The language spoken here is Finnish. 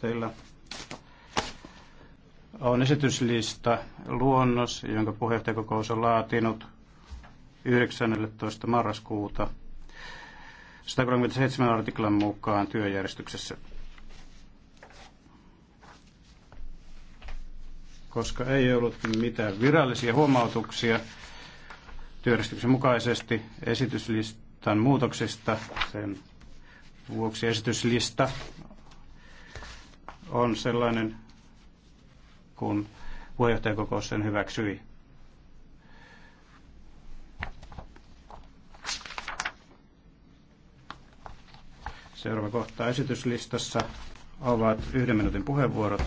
Teillä on esityslista luonnos, jonka puheenjohtajakokous on laatinut 19. marraskuuta 137 artiklan mukaan työjärjestyksessä. Koska ei ollut mitään virallisia huomautuksia työjärjestyksen mukaisesti esityslistan muutoksista, sen vuoksi esityslista on sellainen, kun puheenjohtajakokous sen hyväksyi. Seuraava kohta esityslistassa ovat yhden minuutin puheenvuorot.